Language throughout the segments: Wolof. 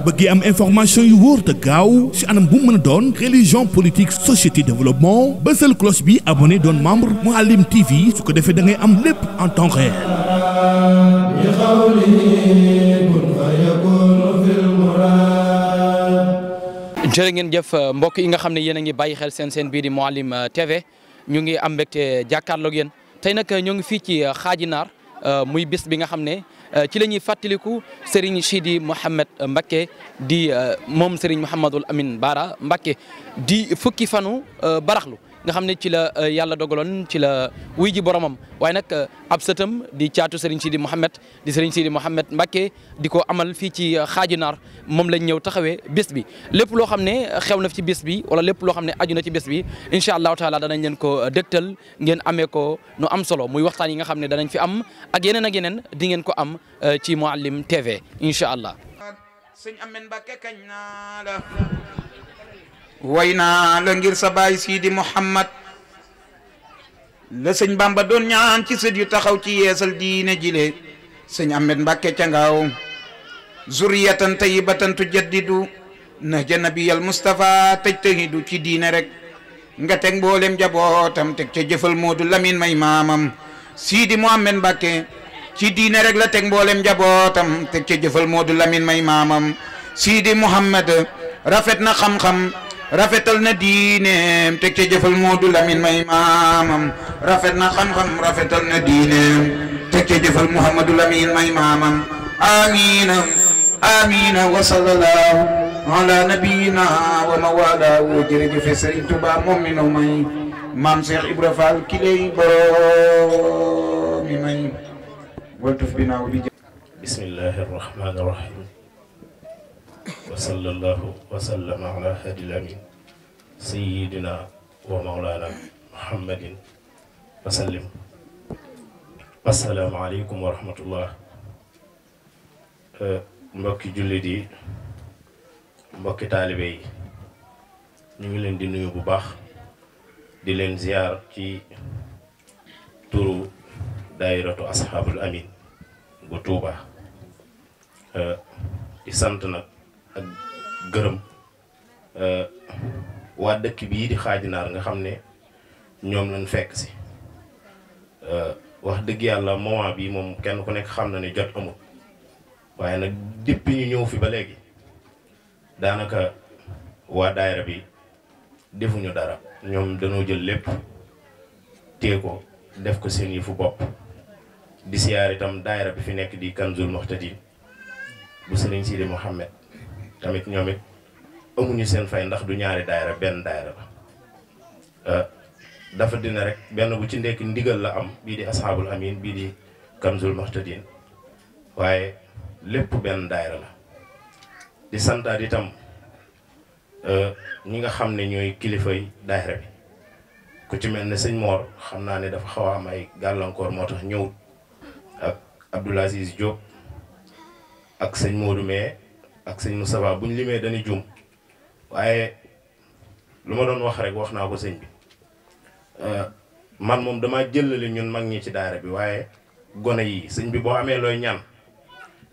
bëggee am information yu wóor te gaaw si anam bu mën a doon religion politique société développement bësal cloche bi abonné doon membre Mouhalim TV su ko defee da ngay am lépp en temps réel. jërë ngeen jëf mbokk yi nga xam ne yéen a ngi bàyyi xel seen seen bii di Mouhalim TV ñu ngi am mbégte jàkkaarloog yéen tey nag ñoo ngi fii ci xaaji Xaajinaar. Euh, muy bis bi nga xam ne euh, ci la ñuy fàttaliku Serigne Sidi Mouhamed Mbacké di euh, moom Serigne Mouhamadul Amin Bara Mbacké di fukki fanu baraxlu nga xam ne ci la euh, yàlla dogaloon ci la wuy ji boromam waaye nag euh, ab sëtam di caatu Serigne Sidi Mouhamed di Serigne Sidi Mouhamed Mbacké di ko amal fii ci xaaju euh, naar moom lañ ñëw taxawee bés bi lépp loo xam ne xew na ci bés bi wala lépp loo xam ne aju na ci bés bi incha allahu taala danañ leen ko dégtal ngeen amee ko nu am solo muy waxtaan yi nga xam ne danañ fi am ak yeneen ak yeneen di ngeen ko am ci Mouhalim TV incha allah. way naa la ngir sa baay siidi muhammad la sëñ bamba doon ñaan ci sët yu taxaw ci yeesal diine jile sëñ ahmed mbàkke ca ngaaw zuriyatan tayyibatan tujaddidu nahja nabiyal mustafa tajtahidu ci diine rek nga teg mboolem jabootam teg ca jëfal moodu lamin may maamam siidi muhammed mbàkke ci diine rek la teg mboolem jabootam teg ca jëfal moodu lamin may maamam siidi muhammad rafet na xam-xam rafetal na diineem teg ca jëfal Moodu Lamin may maamam rafet na xam-xam rafetal na diineem teg ca jëfal Muhammadu Lamin may maamam amiina amiina wa sallallahu ala nabiina wa mawalaahu jërëjëfe Sëriñ Tuubaa moom mi nu may maam Cheikh Ibra Fall ki lay boroom mi may waltuf binaaw bi bismillahi rahmaani rahim wa sallallahu wa sallama ala hadil amin sayyidina wa mawlana muhammadin wa assalaamu aleykum wa rahmatullah eh, mbokki jullit yi mbokki taalibe yi ñu ngi leen di nuyu bu baax di leen ziyaar ci turu daayiratu asxaabul amin bu tuuba eh, di sant nag ak gërëm euh, waa dëkk bi bii di xaajinaar nga xam ne ñoom lañ fekk si euh, wax dëgg yàlla moment bi moom kenn ku nekk xam na ne jot amul waaye nag depuis ñu ñëw fi ba léegi daanaka waa daayira bi defuñu dara ñoom dañoo jël lépp tee ko def ko seen yëfu bopp di siyaar itam daayira bi fi nekk di Kanzul Muhtadin bu Serigne Sidi Mouhamed tamit ñoomit amuñu seen fay ndax du ñaari daayira benn daayira la euh, dafa dina rek benn bu ci ndekk ndigal la am bii di asxaabul amin bii di kamzul mahtadin waaye lépp benn daayira la di santaat itam euh, ñi nga xam ne ñooy kilifay daayira bi ku ci mel ni sëñ Moor xam naa ne dafa xaw a am ay gàllankoor moo tax ñëwut ak Abdoul Aziz ak sëñ Modou mais ak sëñ Moustapha buñ limee dañuy juum waaye lu ma doon wax rek wax naa ko sëñ bi euh, man moom damaa jëlale ñun mag ñi ci daara bi waaye gone yi sëñ bi boo amee looy ñaan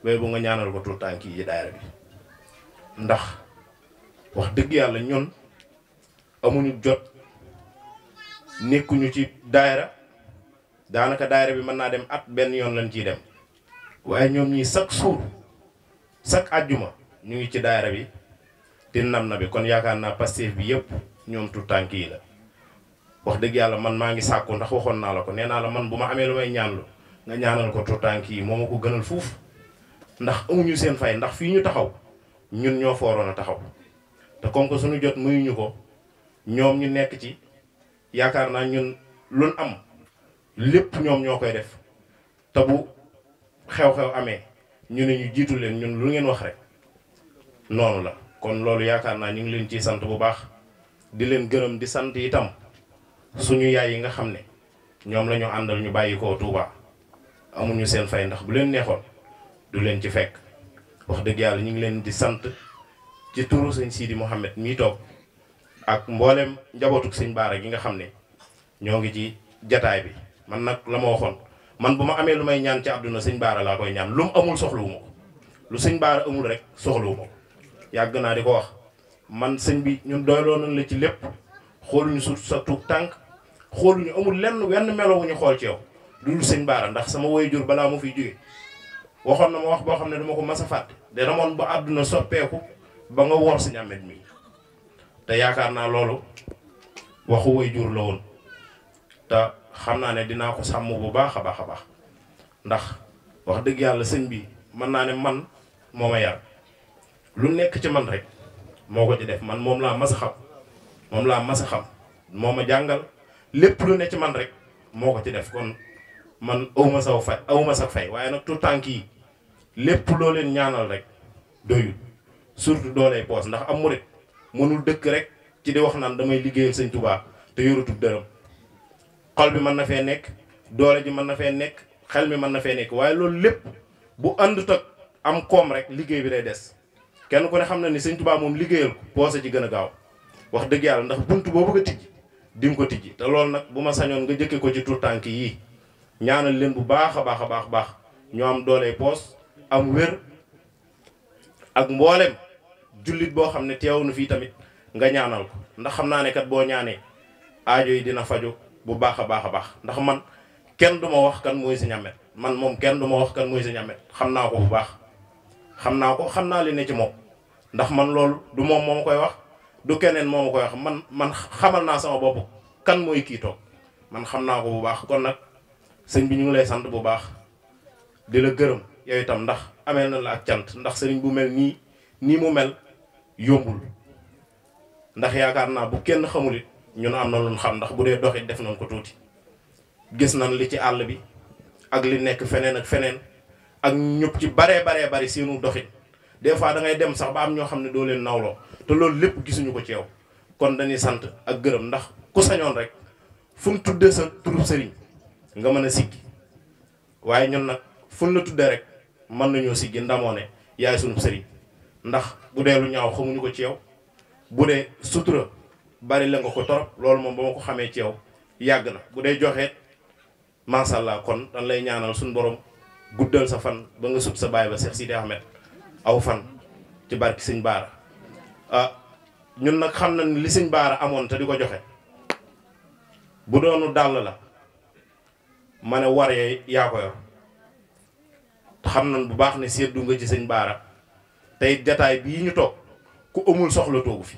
booy bu nga ñaanal ko tànk yi daara bi ndax wax dëgg yàlla ñun amuñu jot nekkuñu ci daayra daanaka daayra bi mën naa dem at benn yoon lañ ciy dem waaye ñoom ñii chaque jour chaque àjjuma ñu ngi ci daayira bi di nam na bi kon yaakaar naa Pastef bi yëpp ñoom tout tànk yi la wax dëgg yàlla man maa ngi sàkku ndax waxoon naa la ko nee naa la man bu ma amee lu may ñaanlu nga ñaanal ko tout tànk yi moo ma ko gënal fuuf ndax amuñu seen fay ndax fii ñu taxaw ñun ñoo fooroon a taxaw te comme que suñu jot muyuñu ko ñoom ñu nekk ci yaakaar naa ñun luñ am lépp ñoom ñoo koy def te bu xew-xew amee ñu ne ñu jiitu leen ñun lu ngeen wax rek noonu la kon loolu yaakaar naa ñu ngi leen ci sant bu baax di leen gërëm di sant itam suñu yaay yi nga xam ne ñoom la àndal ñu bàyyi koo Touba amuñu seen fay ndax bu leen neexoon du leen ci fekk wax dëgg yàlla ñu ngi leen di sant ci turu sëñ Sidi Mouhamed mii toog ak mboolem njabootuk sëñ Baara gi nga xam ne ñoo ngi ci jataay bi man nag la ma waxoon man bu ma amee lu may ñaan ci àdduna sëñ Baara laa koy ñaan lu mu amul soxlawu ma ko lu sëñ Baara amul rek soxlawu ko yàgg naa di ko wax man sëñ bi ñun doyloo na la ci lépp xooluñu su sa tuug tànk ñu amul lenn wenn melo wu ñu xool ci yow dul sëñ baara ndax sama woy jur balaa mu fiy jóge waxoon na ma wax boo xam ne dama ko mas a fàtte de ramoon ba àdduna soppeeku ba nga woor sëñ Amet mi te yaakaar naa loolu waxu jur la woon te xam naa ne dinaa ko sàmm bu baax a baax a baax ndax wax dëgg yàlla sëñ bi mën naa ne man moo ma yar lu nekk ci man rek moo ko ci def man moom laa mas a xam moom laa mas a moo ma jàngal lépp lu ne ci man rek moo ko ci def kon man awma saw fay awma sax fay waaye nag tout tànk yi lépp loo leen ñaanal rek doyul surtout dooley poos ndax am murit mënul dëkk rek ci di wax naan damay liggéeyal sëñ Tuubaa te yorutul dërëm xol bi mën na fee nekk doole ji mën na fee nekk xel mi mën na fee nekk waaye loolu lépp bu àndut ak am koom rek liggéey bi day des kenn ku ne xam na ni sëñ Tuubaa moom liggéeyal ko poose ci gën a gaaw wax dëgg yàlla ndax bunt boobu ko a tijji di nga ko tijji te loolu nag bu ma sañoon nga jëkke ko ci tuut tànk yii ñaanal leen bu baax a baax a baax baax ñoo am doole poos am wér ak mbooleem jullit boo xam ne teew na fii tamit nga ñaanal ko ndax xam naa ne kat boo ñaanee aajo yi dina faju bu baax a baax a baax ndax man kenn du ma wax kan mooy Sëñ Ahmet man moom kenn du ma wax kan mooy Sëñ Ahmet xam naa bu baax xam naa ko xam naa li ne ci moom ndax man loolu du moom moo koy wax du keneen moo ma koy wax man man xamal naa sama bopp kan mooy kii toog man xam naa ko bu baax kon nag sëñ bi ñu ngi lay sant bu baax di la gërëm yow itam ndax amee na la ak cant ndax sëriñ bu mel nii nii mu mel yombul ndax yaakaar naa bu kenn xamul it ñun am na lu xam ndax bu dee doxit def nañ ko tuuti gis na li ci àll bi ak li nekk feneen ak feneen ak ñëpp ci baree baree bari seenu doxit des fois da ngay dem sax ba am ñoo xam ne doo leen nawloo te loolu lépp gisuñu ko ci yow kon dañuy sant ak gërëm ndax ku sañoon rek fu mu sa turub sëriñ nga mën a siggi waaye ñun nag fu la tuddee rek mën nañoo siggi ndamoo ne yaay sunub sëriñ ndax bu dee lu ñaaw xamuñu ko ci yow bu dee sutura bari la nga ko torop loolu moom ba ma ko xamee ci yow yàgg na bu dee joxeet macha allah kon dañ lay ñaanal suñu borom guddal sa fan ba nga sub sa baay ba Cheikh Sidi Ahmed aw fan ci barki sëñ Baara ah ñun nag xam nañ li sëñ Baara amoon te di ko joxe bu doonu dàll la ma ne waree yaa ko yor xam nañ bu baax ne seddu nga ci sëñ Baara tey jataay bii ñu toog ku amul soxla toogu fi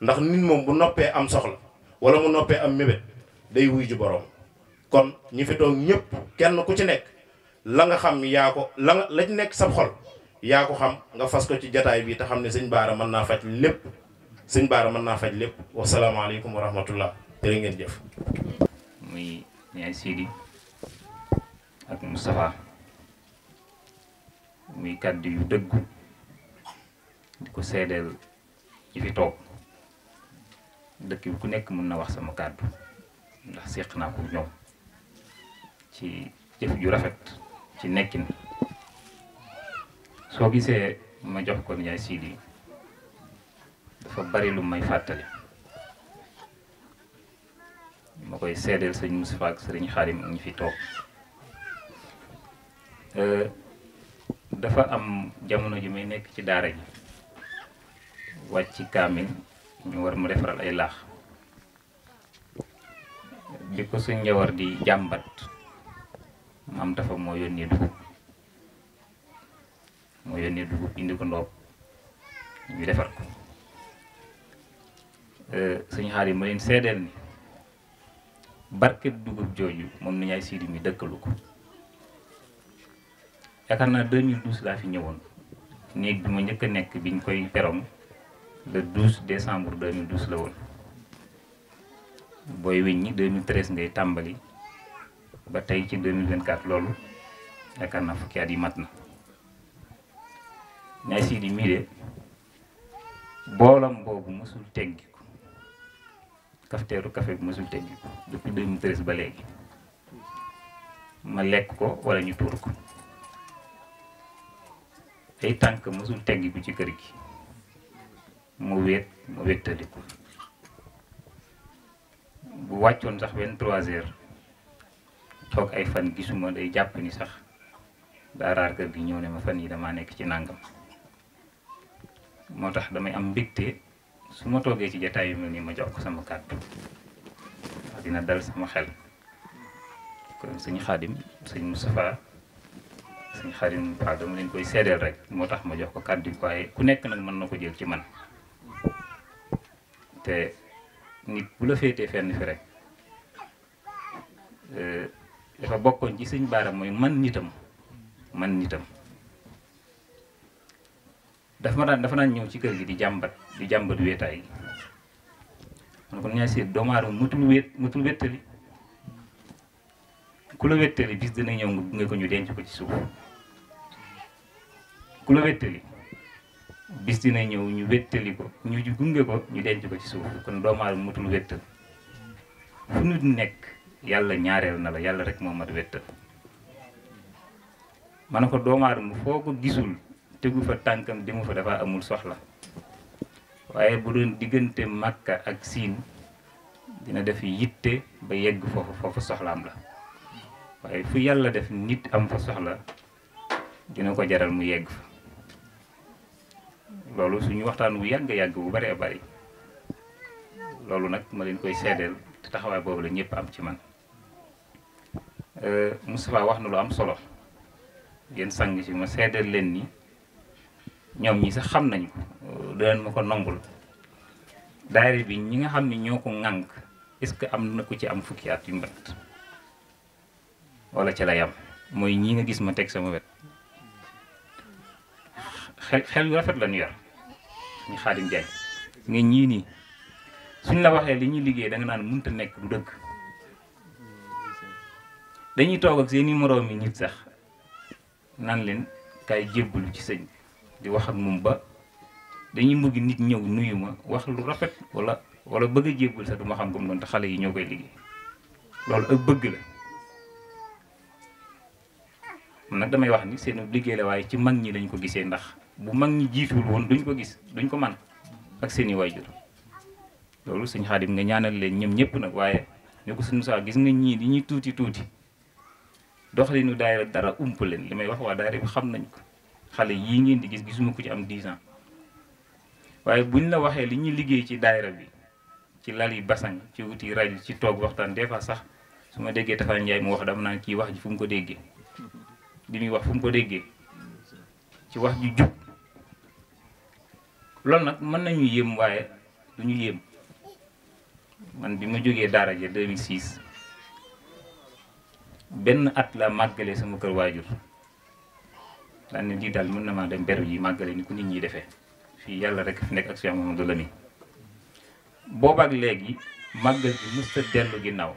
ndax nit moom bu noppee am soxla wala mu noppee am mébét day wuy ju boroom kon ñi fi toog ñëpp kenn ku ci nekk. la nga xam yaa ko la lañ nekk sa xol yaa ko xam nga fas ko ci jataay bii te xam ne sëñ Baara mën naa faj lépp sëñ Baara mën naa faj lépp wasalaamaaleykum wa rahmatullah jërë ngeen jëf. muy ñaay Sidi ak Moustapha muy kàddu yu dëggu di ko seedeel ci fi toog dëkk bi ku nekk mën na wax sama kàddu ndax séq naa ko ñoom ci jëf ju rafet. ci nekkin soo gisee ma jox ko Ndiaye Sidi dafa bari lu may fàttali ma koy seedeel sëñ Moustapha ak sëriñ Xaarim ñu fi toog euh, dafa am jamono ji may nekk ci daara ji wàcc ci kaamil ñu war mu defaral ay laax bi ko suñ njawar di jàmbat am dafa moo yónnee dugub moo yónnee dugub indi ko ndoob ñu defar ko eh, suñu xaar yi ma leen seedeel ni barke dugub jooju moom ni ñaay siidi mi dëkkalu ko yaakaar naa 2012 laa fi ñëwoon néeg bi ma njëkk a nekk biñ koy perom le 12 décembre 2012 la woon booy weñ ñi 2013 ngay tàmbali ba tey ci vingt 2024 loolu yaakaar naa fukki at yi mat na ñaay Sidi mii de boolam boobu mosul teggiku kafteeru café bi mosul teggiku depuis 2013 ba léegi ma lekk ko walla ñu tuur ko ay tànk mosul teggiku ci kër gi mu wéet mu wéttaliku bu wàccoon sax benn trois heures toog ay fan gisuma day jàpp ni sax daaraar kër gi ñëw ne ma fan yi damaa nekk ci nàngam moo tax damay am mbégte su ma toogee ci jataay yu mel nii ma jox ko sama kàddu dina dal sama xel kon suñu xaadim sëñ Moustapha sëñ xaadim waaw dama leen koy seedeel rek moo tax ma jox ko kàddu yi waaye ku nekk nag mën na ko jël ci man te nit bu la féetee fenn fi rek euh, dafa bokkoon ci sëñ baara mooy man nitam man nitam dafa ma daan dafa naan ñëw ci kër gi di jàmbat di jàmbat wéetaay gi man kon ñaa seet doomu aadama mutul wéet mutul wéttali ku la wéttali bis dina ñëw nga ñu denc ci suuf ku la wéttali bis dina ñëw ko ñu gunge ko ñu denc ko ci suuf kon doomu aadama mutul wéttal fu nit nekk yàlla ñaareel na la yàlla rek moom mat wettal ma ne ko doomu mu foo ko gisul tegu fa tànkam demu fa dafa amul soxla waaye bu doon diggante màkk ak Siin dina def yitte ba yegg foofu foofu soxlaam la waaye fu yàlla def nit am fa soxla dina ko jaral mu yegg fa loolu suñu waxtaan wu yàgg yàgg bu bare bari loolu nag ma leen koy seedeel taxawaay boobu la ñëpp am ci man euh, Moustapha wax na lu am solo yéen sang si ma seedal leen nii ñoom ñi sa xam nañu euh, dinañ ma ko nangul daayira bi ñi nga xam ni ñoo ko ŋànk est-ce que am na ko ci am fukki at yu mat wala ci la yam mooy ñii nga gis ma teg sama wet xel xel yu rafet la yar ñu xaadim jaay nga ñii nii suñ la waxee li ñuy liggéey da naan naan te nekk du dëkk dañuy toog ak seeni moroomi yi nit sax nan leen kay jébbalu ci sëñ di wax ak moom ba dañuy bëgg nit ñëw nuyu ma wax lu rafet wala wala bëgg a sax du ma xam ko mu doon te xale yi ñoo koy liggéey loolu ak bëgg la man nag damay wax ni seen liggéey la waaye ci mag ñi lañ ko gisee ndax bu mag ñi jiituwul woon duñ ko gis duñ ko man ak seeni waajur loolu sëñ bi nga ñaanal leen ñoom ñëpp nag waaye ne ko sëñ Moussa gis nga ñii li ñuy tuuti tuuti dox doxalinu daayira dara ump leen li may wax waa daayira bi xam nañ ko xale yii ngeen di gis gisuma ko ci am 10 ans waaye buñ la waxee li ñuy liggéey ci daayira bi ci lal yi basan ci wuti rajo ci toog waxtaan des fois sax su ma déggee Tafa Njaay mu wax dama naan kii wax ji fu mu ko déggee li muy wax fu mu ko déggee ci wax ju jub loolu nag mën nañu yéem waaye du yéem man bi ma jógee daara ja 2006 benn at la màggale sama kër waajur daan ne lii daal mën na maa dem beru yi màggale ni ku nit ñi defee fii yàlla rek fi nekk ak Cheikh Mamadou Lamine boobaak léegi màggal bi ginnaaw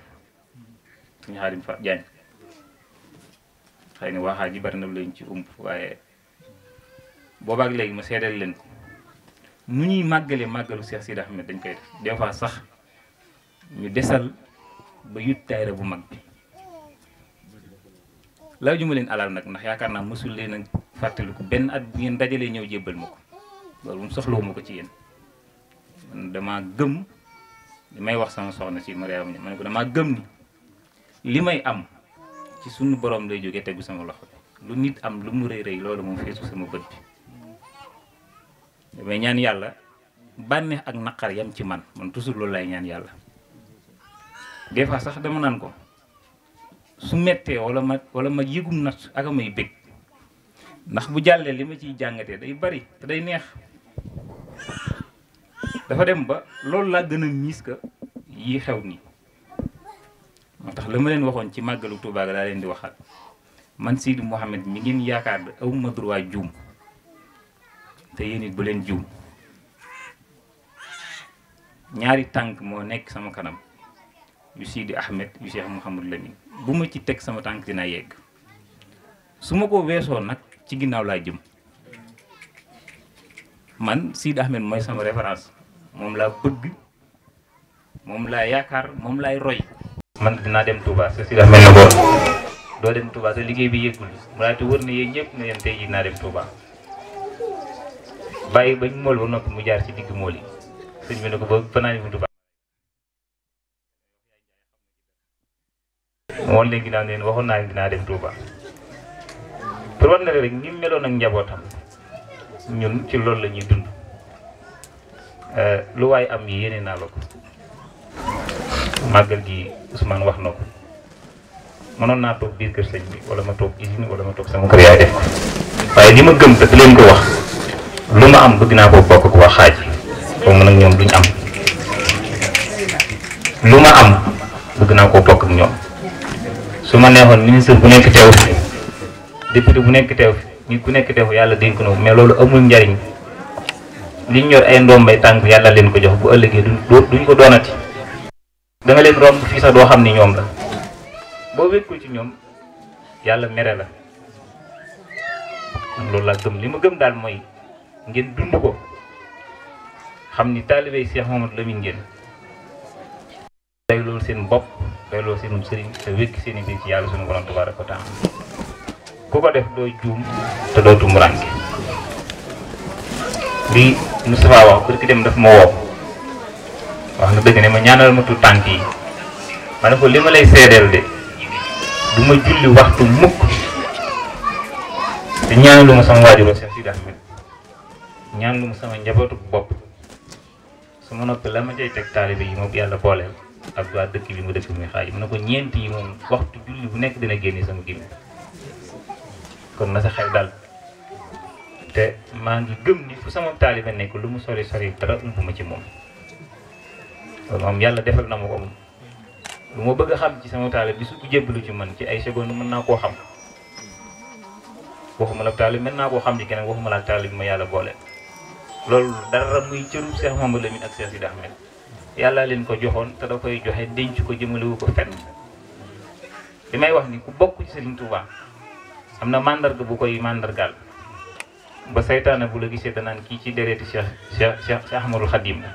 suñu xaarim fa jaañ xëy ji bari na lañ ci umb waaye boobaak léegi ma seedal leen ko ñuy màggale màggalu Cheikh Sidi Ahmed dañ koy def des sax ñu desal ba yut taayra bu mag bi laa ju ma leen alal nag ndax yaakaar naa mosul leen a fàttaliku benn at bu ngeen dajalee ñëw jébbal ma ko loolu moom ma ko ci yéen man damaa gëm li may wax sama soxna si Mariama damaa gëm li may am ci sunu borom lay jóge tegu sama loxo lu nit am lu mu rëy rëy loolu moom feesu sama bët bi damay ñaan yàlla bànneex ak naqar yam ci man man toujours loolu lay ñaan yàlla des fois sax dama naan ko su mettee wala ma wala ma yëgum nat ak may bég ndax bu jàllee li ma ciy jàngatee day bari te day neex dafa dem ba loolu laa gën a miis ka yi xew nii moo tax la ma leen waxoon ci màggalu Tuubaa ga daa leen di waxaat man Sidi Mouhamed mi ngeen yaakaar ne aw ma droit juum te yéen bu leen juum ñaari tànk moo nekk sama kanam yu Sidi Ahmed yu Cheikh Mouhamadou Lamine bu ma ci teg sama tànk dinaa yegg su ma ko weesoo nag ci ginnaaw laa jëm man Sidi Ahmed mooy sama référence moom laa bëgg moom laa yaakaar moom laay roy. man dinaa dem Touba sa Sidi Ahmed na boon doo dem Touba sa liggéey bi yëggul mu laa te wër na yéen ñëpp na yéen tey jii dinaa dem Touba bàyyi bañ mool ba noppi mu jaar ci digg mool yi sëñ bi ne ko ba fanaan bi Touba woon léegi naa leen waxoon naa dinaa dem Touba pour war na rek ni meloon ak njabootam ñun ci loolu lañuy dund eh, lu waay am yi yéene naa la ko màggal gi Ousmane wax na ko mënoon naa toog biir kër sëñ bi wala ma toog usine wala ma toog sama kër yaay def waaye li ma gëm te leen ko wax lu ma am bëgg naa ko bokk ak waa xaaj yi mën ak ñoom duñ am lu ma am bëgg naa ko bokk ak ñoom su ma neexoon ministre bu nekk teew fi bu nekk teew fi ku nekk teew fi yàlla dénk na mais loolu amul njariñ li ñu yor ay ndombay tànk yàlla leen ko jox bu ëllëgee duñ duñ ko doonati. da leen romb fii sax doo xam ne ñoom la boo wékkul ci ñoom yàlla mere la loolu laa gëm li ma gëm daal mooy ngeen dund ko xam ni taalibey Cheikh Mamadou Lamine ngeen day loolu seen bopp. doyloo seenum sëriñ te wékki seen i biir ci yàlla suñu borom tabaaraka wa taala ku ko def doo juum te doo tumuraanke li Moustapha wax bërki dem daf ma woo wax na dëgg ne ma ñaanal ma tuut tànk yi ma ne ko li ma lay seedeel de du ma julli waxtu mukk te lu ma sama waajur Cheikh Sidi Ahmed ñaanalu ma sama bopp su ma noppi la ma cay teg taalibe yi moom yàlla booleel ak waa dëkk bi ma def muy xaaj mu ne ko ñeent yi moom waxtu julli bu nekk dina génne sama génne kon na sa xel daal te maa ngi gëm ni fu sama taaliba nekk lu mu sori sori dara umpuma ci moom kon yàlla defal na ma ko lu ma bëgg a xam ci sama taalib bi su ko jébbalu ci man ci ay seconde mën naa koo xam waxuma la taalib mën naa koo xam ci keneen waxuma la taalib ma yàlla boole loolu dara muy cëru Cheikh Mamadou Lamine ak Cheikh Sidi Ahmed yàlla leen ko joxoon te da koy joxe denc ko jëmalewu ko fenn li may wax ni ku bokk ci Serigne Touba am na màndarga bu koy mandargaal ba saytaane bu la gisee danaan ki ci déreeti Cheikh Cheikh Cheikh Ahmadul Xadim la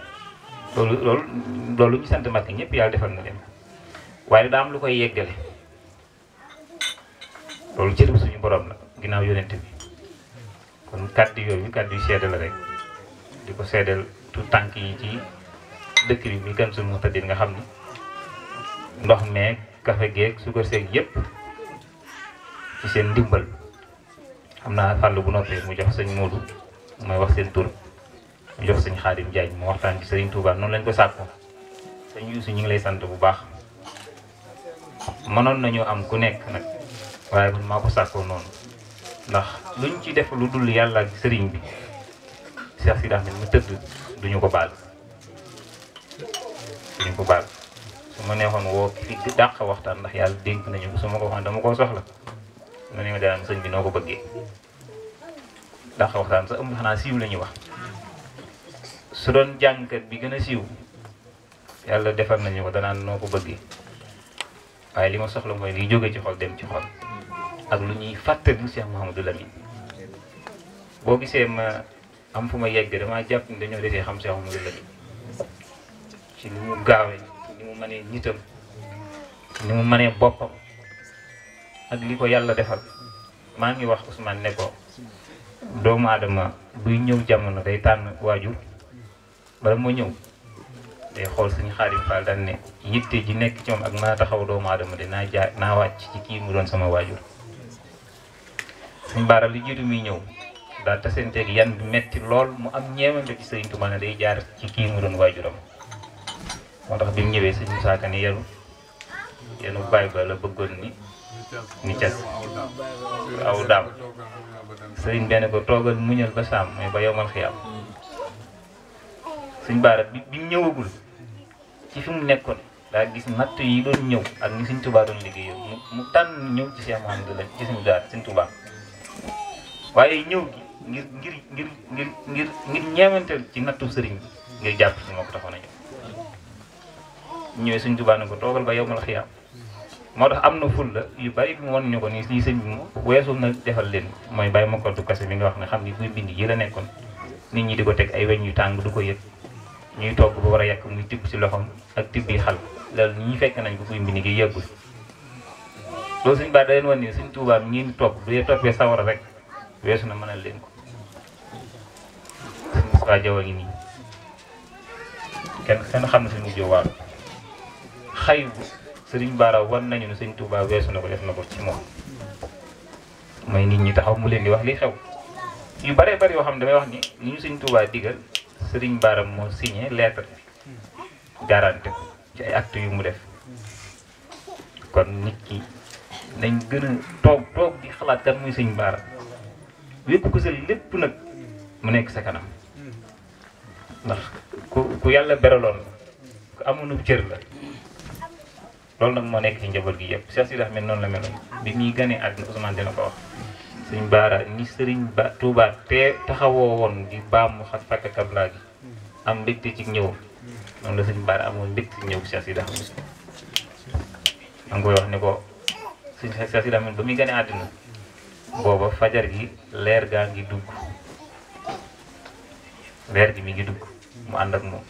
loolu loolu ñu sant Mbakke ñëpp yàlla defal na leen waaye daa am lu koy yeggale loolu cër bu suñu boroom la ginnaaw yonent bi kon kàddu yooyu kàddu yu seede la rek di ko seedeel tout tànk yi ci dëkk bi muy kan suñu muxtadir nga xam ni ndox meeg kafe geeg suukar seeg yëpp ci seen ndimbal am naa fàll bu noppee mu jox sëñ Modou mooy wax seen tur mu jox sëñ Xaadim Jaañ mu waxtaan ci sëriñ Touba noonu lañ ko sàkko sëñ Yuusu ñu ngi lay sant bu baax mënoon nañu am ku nekk nag waaye man maa ko sàkkoo noonu ndax luñ ci def lu dul yàlla ak sëriñ bi Cheikh Sida Ahmed mu tëdd duñu ko baal ñu ma neexoon woo fi waxtaan ndax yàlla dénk nañu ko su ma ko waxoon dama koo bi noo ko bëggee dàq waxtaan sa ëmb siiw la ñuy wax doon jàngkat bi gën a siiw yàlla defar nañu ko danaan noo waaye li ma soxla mooy liy jóge ci xol dem ci ak lu ñuy fàttali Cheikh Mouhamadou Lamine boo gisee ma am fu ma yegg damaa jàpp ni dañoo desee xam Cheikh Mouhamadou ci ni mu gaawee ni mu mënee nitam ni mu mënee boppam ak li ko yàlla defal maa ngi wax Ousmane ne ko doomu aadama buy ñëw jamono day tànn waajur bala moo ñëw te xool suñu xaarim Fall daan ne yitte ji nekk ci moom ak mën a taxaw doomu adama de naa jaar naa wàcc ci kii mu doon sama waajur suñ baara li jiitu muy ñëw daal tasenteeg yan bi metti lool mu am ñeewante ci Sëriñ Tuubaa ne day jaar ci kii mu doon waajuram moo tax bi mu ñëwee sëñ Moussa Ka ni yenu yenu bàyyi ba la bëggoon ni ni cas aw daam sëriñ benn ko toogal muñal ba saam mooy ba yow man xiyaam suñ baara bi bi ñëwagul ci fi mu nekkoon daa gis natt yi doon ñëw ak ni suñ tubaa doon liggéeyoo mu mu tànn ñëw ci Cheikh Mouhamadou la ci suñ tubaa waaye ñëw gi ngir ngir ngir ngir ngir ci nattu sëriñ bi ngir jàpp si moo ko taxoon a ñëw ñëwee suñ tubaa ne ko toogal ba yowmal moo tax am na fulla yu bari bi mu ko nii lii sëñ na defal leen mooy bàyyi ma koddu nga wax ne xam ni buy bind yi la nekkoon nit ñi di ko teg ay weñ yu tàng du ko yëg ñuy togg ba war a yàq muy tibb ci loxoom ak tibb yi xal loolu ñi fekk nañ ko buy mbind gi yëggul loolu suñ baa da leen wan ne suñ tuubaam ñi togg bu dee toppee sawara rek weesu na mënal leen ko suñ Musaa Jaw a ngi nii kenn xam ne suñ mujjoo waaru xay bu sëriñ Bara wan nañu ne sëñ Touba weesu na ko def na ko ci moom mooy nit ñi taxaw mu leen di wax li xew yu bëree bëri yoo xam ne damay wax ni ni ñu sëñ Touba digal sëriñ Bara moo signé lettre bi ko ci ay actes yu mu def kon nit ki dañ gën a toog toog di xalaat kan muy sëñ Bara wépp ko sa lépp nag mu nekk sa kanam ndax ku ku yàlla beraloon la ku amoon cër la loolu nag moo nekk ci njaboot gi yëpp Cheikh Sidi Ahmed noonu la meloon bi muy ganee àdduna Ousmane dina ko wax sëñ Baara ni sëriñ Ba Touba te taxawoo woon di baamu xat gi am mbégte ci ñëwam noonu la sëñ Baara amoon mbégte ci ñëw Cheikh Sidi Ahmed ma ngi koy wax ni ko sëñ Cheikh Sidi Ahmed ba muy ganee àdduna booba fajar gi leer gaa ngi dugg leer gi mi ngi dugg mu ànd ak moom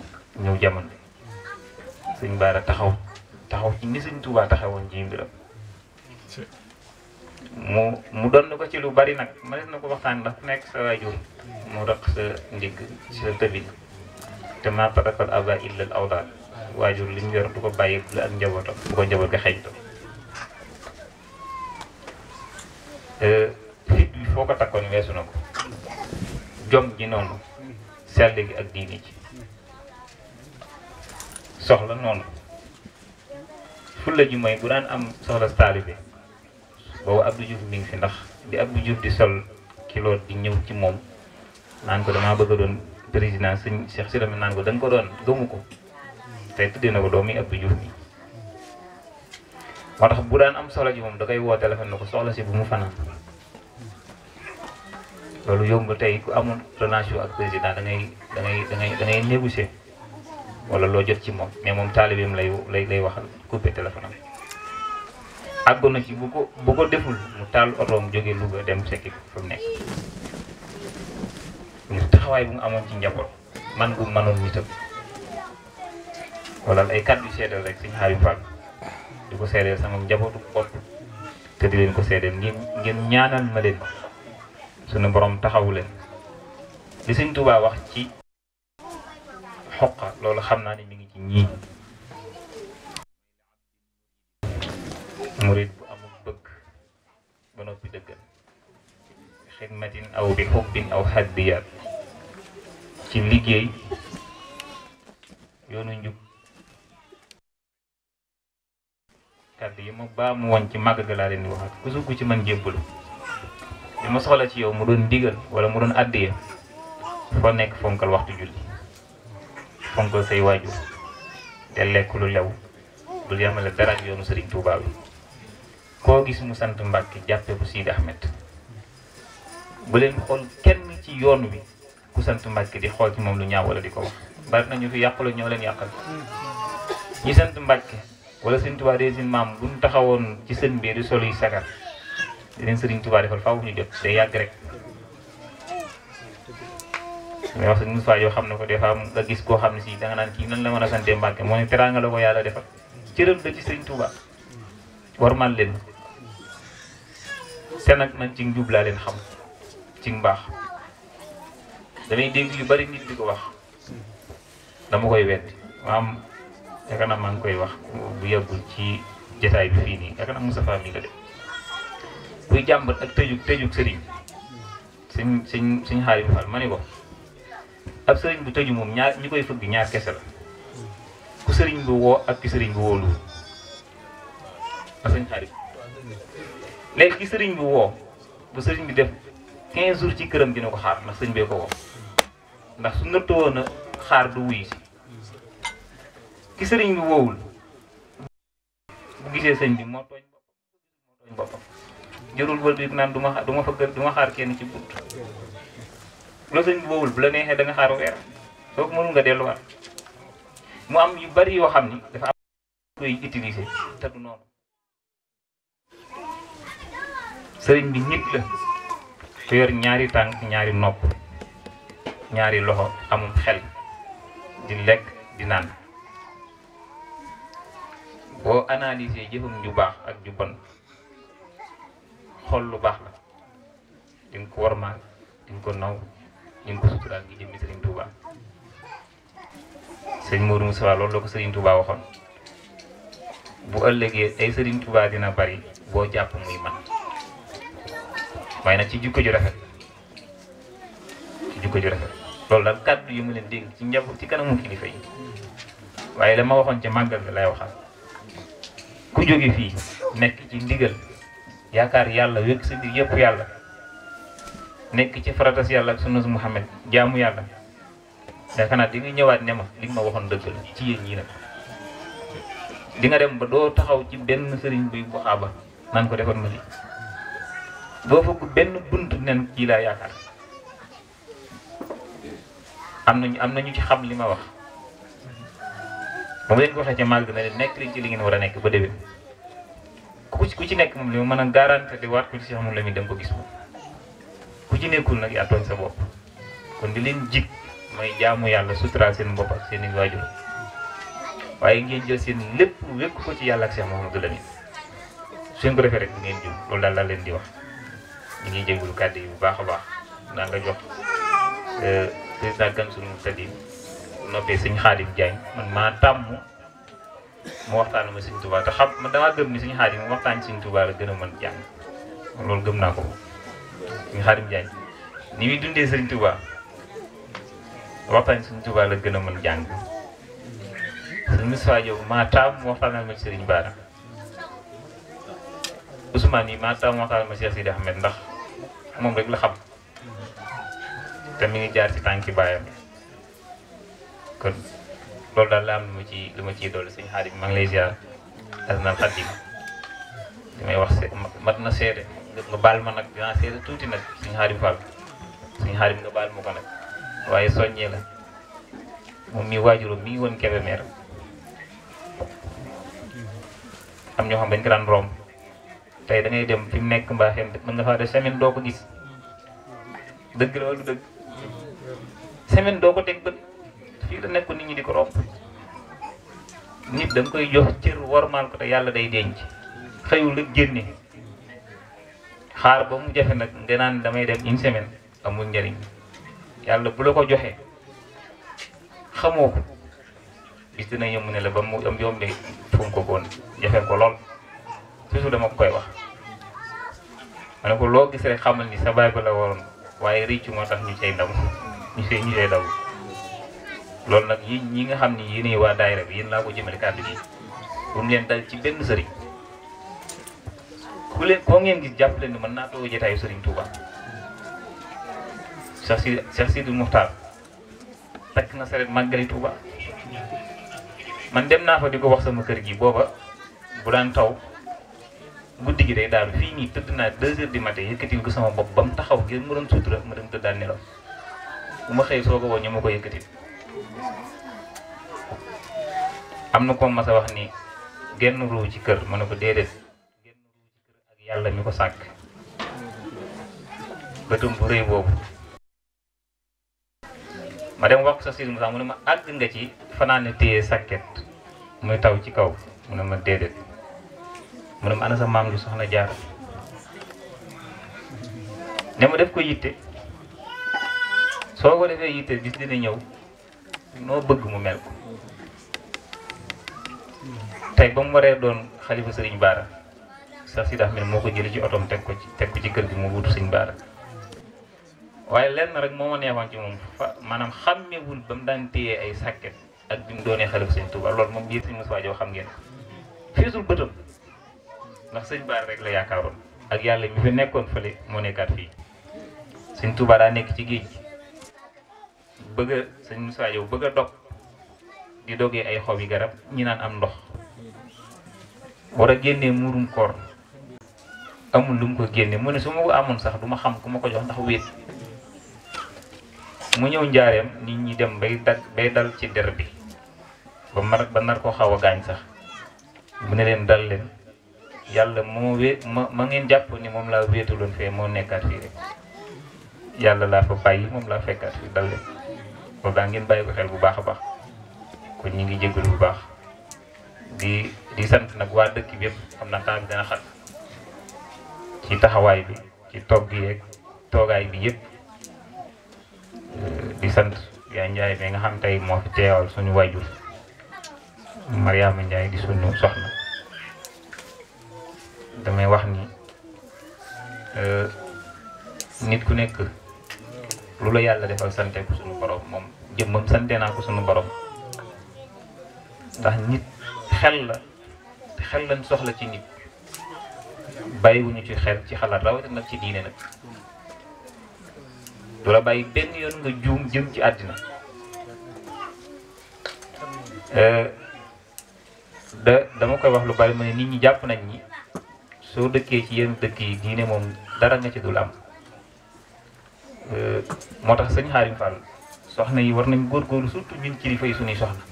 ñëw jamono sëñ Baara taxaw taxaw ci ni sëñ Tuubaa taxawoon ci mbiram mu mu doon ko ci lu bari nag mënees na ko waxtaan ndax ku nekk sa waajur mu raq sa ndigg ci sa tëbin te maa tarakal abaa illal awlaad waajur li mu yor du ko bàyyi la ak njabootam bu ko njaboot ga xeeñto fit bi foo ko takkoon weesu na ko jom ji noonu sell gi ak diini ci soxla noonu fulla ju mooy bu daan am soxla taalibe boobu Abdou Diouf mi ngi fi ndax bi Abdou Diouf di sol kilo di ñëw ci moom naan ko damaa bëgg a doon président sëñ Cheikh Sira mi naan ko da ko doon gëmu ko te tuddee na ko doomi Abdou Diouf mi moo tax bu daan am soxla ji moom da koy woo téléphone na ko soxla si bu mu fanaan loolu yomb tey ku am relation ak président da ngay négocier wala loo jot ci moom mais moom taalibeem lay lay lay waxal coupé téléphone am àggoon na ci bu ko bu ko deful mu taal otoom jóge lu dem sekki fa mu nekk ngir taxawaay bu amoon ci njaboot man bu manoon nitam wala ay kàddu seedal rek suñu xaar yu fàgg di ko seedeel sama njabootu bopp te di leen ko seedeel ngeen ngeen ñaanal ma leen suñu borom taxawu leen li Sëñ Tuubaa wax ci xoqa loolu xam naa ne mu ngi ci ñii murid bu amul bëgg ba noppi dëggal xidmatin aw bi xubbin aw xaddiyaat ci liggéey yoonu njub kàddu yi ma baa mu woon ci màgg ga laa leen di waxaat ku sugg ci man jébbalu li ma soxla ci yow mu doon digal wala mu doon àddiya foo nekk fonkal waxtu julli fonko say waajur te lekk lu lew bul yemale dara ak yoonu sëriñ Touba bi koo gis mu sant Mbàkke jàppee ko Sidi Ahmed bu leen xool kenn ci yoon wi ku sant Mbàkke di xool ci moom lu ñaaw wala di ko wax bari na ñu fi yàqula ñoo leen yàqal ñi sant Mbàkke wala Serigne Touba de sin maam bu ñu taxawoon ci sën bi di solo yi sagar leen Serigne Touba defal faaw ñu jot day yàgg rek mais wax sëñ Moussa yoo xam ne ko des fois nga gis ko xam ne si da nga naan kii lan la mën a sante Mbàkke moo ne teraanga la ko yàlla defal cëram da ci sëñ Touba warmal leen te nag man ci njub laa leen xam ci mbaax damay dégg yu bari nit ko wax dama koy weddi maam yaakaar naa maa ngi koy wax bu yàggul ci jotaay bi fii nii yaakaar naa Moustapha mi la de kuy jàmbat ak tëjug tëjug sëriñ suñ suñ suñ xaari bu ak sëriñ bu tëju moom ñaar ñu koy fëgg ñaar kese la ku sëriñ bu woo ak ki sëriñ bu wóolu sëñ xarit léegi ki sëriñ bu woo bu sëriñ bi def 15 jours ci këram dina ko xaar ndax sëñ bee ko woo ndax su nëttoo woon a xaar du wuyu ki sëriñ bi woowul bu gisee sëñ bi moo tooñ boppam moo tooñ boppam jërul naan du ma du ma du ma xaar kenn ci bunt loo sëñ bi woowul bu la neexee da nga weer soo ko mënul nga delluwaat mu am yu bari yoo xam ni dafa am koy utiliser sëriñ bi nit la yor ñaari tànk ñaari nopp ñaari loxo amul xel di lekk di naan boo analyser jëfam ju baax ak ju xol lu baax la di ko wormaal di nga ko naw ñu ngi ko suturaal ngi jëmmi Serigne Touba sëñ Modou Moussa loolu la ko Serigne Touba waxoon bu ëllëgee ay Serigne Touba dina bari boo jàpp muy man waaye nag ci jikko ju rafet ci jikko ju rafet loolu daal kàddu yu mu leen dégg ci njaboot ci kanamu kilifa yi waaye la ma waxoon ca màggal bi lay waxal ku jóge fii nekk ci ndigal yaakaar yàlla yëpp yàlla nekk ci faratas yàlla ak sunnas Muhammad jaamu yàlla yaakaar naa di nga ñëwaat ne ma li ma waxoon dëgg la ci yéen ñii nag di nga dem ba doo taxaw ci benn sëriñ buy bu aaba naan ko defal ma li doo fukk benn bunt nen kii laa yaakaar am nañu am nañu ci xam li ma wax moom leen ko waxee ca màgg na leen nekk li ci li ngeen war a nekk ba déwén ku ci nekk moom li ma mën a garanti di waat ko ci si xamul la mi dem ko gis moom ku ci nekkul nag yaa tooñ sa bopp kon di leen jig mooy jaamu yàlla suturaal seen bopp ak seen i waajur waaye ngeen jël seen lépp wékk ko ci yàlla ak Cheikh Mouhamadou Lamine ko defee rek di ngeen daal leen di wax ngi jégalu kàddu bu baax a baax naa nga jox euh, président kan suñu tëddi noppee sëñ Xaadim Diagne man maa mu waxtaan ma sëñ Tuubaa te xam man damaa gëm ni sëñ Xaadim mu waxtaan sëñ Tuubaa la a loolu gëm naa ko. suñu xaarim Njaay ni muy dundee sëriñ Touba waxtaan suñu Touba la gën a mën jàng suñu Moussa Diop maa taam waxtaanal ma sëriñ Baara Ousmane yi maa taam waxtaanal ma Cheikh Sidi Ahmed ndax moom rek la xam te mi ngi jaar ci tànki baayam kon loolu daal la am lu ma ci lu ma ciy dolli suñu xaarim maa ngi lay ziar as na may wax mat na seede nga baal ma nag dinaa seede tuuti nag suñu xaarim Fall suñu xaarim nga baal ma ko nag waaye soññee la moom mii waajuram mi ngi woon Kébémer am ñoo xam dañ ko daan romb te da dem fi mu nekk mbaaxeem mën nga faa def semaine doo ko gis dëgg la wala dëgg semaine doo ko teg bët fii la nekk nit ñi di ko romb nit da koy jox cër warmaal ko te yàlla day denc xëyul la génne xaar ba mu jafe nag nga damay dem une semaine amul njariñ yàlla bu la ko joxee xamoo ko bis dina mu ne la ba mu am yombe fum ko koon jafe ko lool toujours dama koy wax ma ko loo gis rek xamal ni sa baay ba la waroon waaye ricc moo tax ñu cay ndaw ñu see ñu cay ndaw loolu nag yi ñi nga xam ni yéenay waa daayira bi yéen laa ko jëmale kàddu gi bu mu leen dal ci benn sëriñ ku leen koo ngeen gis jàpp leen ni mën naa toog jotaayu Serigne Touba Cheikh Sidi Cheikh Sidi Moukhtar takk na saret màggali Touba man dem naa fa di ko wax sama kër gi booba bu daan taw guddi gi day daal fii nii tëdd naa deux heures du matin yëkkatil ko sama bopp ba mu taxaw ngir mu doon sutura ma dem tëddaan nelaw bu ma xëy soo ko woo ñu ma ko yëkkatil am na koo mas wax ni genn ruu ci kër ma ne ko déedéet yàlla mi ko sàkk bëtum bu rëy boobu ma dem wax ko sa Sëriñ Musaa mu ne ma àgg nga ci fanaane téye sàkket muy taw ci kaw mu ne ma déedéet mu ne ma ana sa maam ju soxna jaar ne ma def ko yitte soo ko defee yitte bis dina ñëw noo bëgg mu mel ko tey ba mu waree doon xalifa Sëriñ Baara sax si dax mi moo ko jëlee ci otoom teg ko ci teg ko ci kër gi mu wutu sëñ baara waaye lenn rek moo ma neexoon ci moom fa maanaam xàmmewul ba mu daan téye ay sàkket ak bi mu doonee xale bu sëñ Tuuba loolu moom biir sëñ Moussa Diaw xam ngeen ko feesul bëtam ndax sëñ baara rek la yaakaaroon ak yàlla mi fi nekkoon fële moo nekkaat fii sëñ Tuuba daa nekk ci géej gi bëgg a sëñ Moussa bëgg a dog di dogee ay xob yi garab ñi naan am ndox war a génnee muurum koor amul lu mu ko génne mu ne su ma ko amoon sax duma xam ku ma ko jox ndax wéet mu ñëw njaareem nit ñi dem bay dagg bay dal ci der bi ba mar ba nar ko xaw a gaañ sax mu ne leen dal leen yàlla moo wé ma ma ngeen jàpp ni moom laa wéetuloon fee moo nekkaat fii rek yàlla laa fa bàyyi moom laa fekkaat fii dal leen loolu daa ngeen bàyyi ko xel bu baax a baax kon ñu ngi jégalu bu baax di di sant nag waa dëkk bi yëpp xam naa temps bi dana xat ci taxawaay bi ci toog yeeg toogaay bi yëpp di sant yaa Ndiaye bi nga xam tey moo fi teewal suñu waajur Mariama njaay di suñu soxna damay wax ni eh, nit ku nekk lu la yàlla defal sante ko suñu borom moom jëmmam sante naa ko suñu boroom ndax nit xel la xel lañ soxla ci nit bàyyiwuñu ci xel ci xalaat rawatina nag ci diine nag du la bàyyi benn yoon nga juum jëm ci àddina euh, da dama koy wax lu bari ma ne nit ñi jàpp nañ ñi soo dëkkee ci yenn dëkk yi diine moom dara nga ci dul am euh, moo tax sëñ Xaarim Fall soxna yi war nañ góorgóorlu surtout ñun kilifa yi suñuy soxna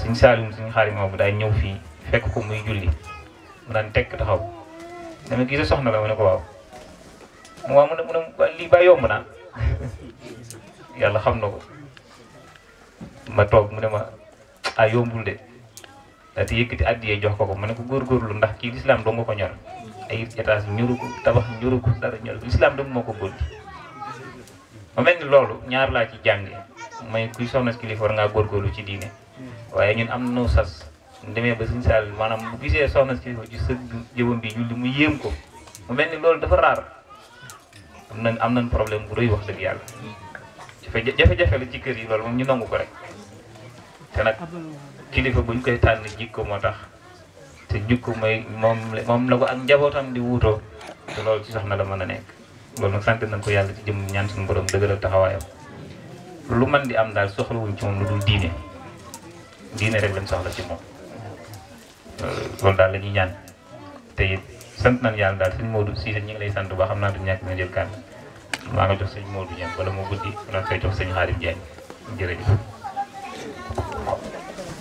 sëñ Saalum suñ Xaarim moom daay ñëw fii fekk ko muy julli mu daan tekk taxaw dama gis ko waaw mu waaw mu ne mu ne xam na ko ma toog mu ne ma a yombul de daal di yëkkati àddiyee jox ko ko ma ne ko góorgóorlu ndax kii lislaam doo nga ko ñor ay étage ñuru ko tabax ñuru ko dara ñor lislaam dong moo ko góor ma mel ni loolu ñaar laa ci jànge mooy kuy soxna si kilifa war ngaa góorgóorlu ci diine waaye ñun am na sas demee ba suñu saal maanaam bu gisee soxna si ci sa jëwam bi julli mu yéem ko mu loolu dafa raar am am nañ problème bu rëy wax dëgg yàlla jafe-jafe la ci kër yi loolu moom ñu nangu ko rek te nag kilifa buñ koy tànn jikko moo tax te jikko mooy moom moom la ko ak njabootam di wuutoo te loolu ci soxna la mën a nekk loolu nag sant nañ ko yàlla ci jëm ñaan suñu borom dëgëral taxawaayam lu man di am daal soxlawuñ ci moom lu dul diine diine rek lañ soxla ci moom Euh, loolu daal la ñuy ñaan te it sant nañ yàlla daal sëñ Modou si ñu ngi lay sant ba xam naa du ñàkk nga jël kàddu maa nga jox sëñ Modou ñaan wala moo guddi nan koy jox sëñ Xaadim Diagne jërëjëf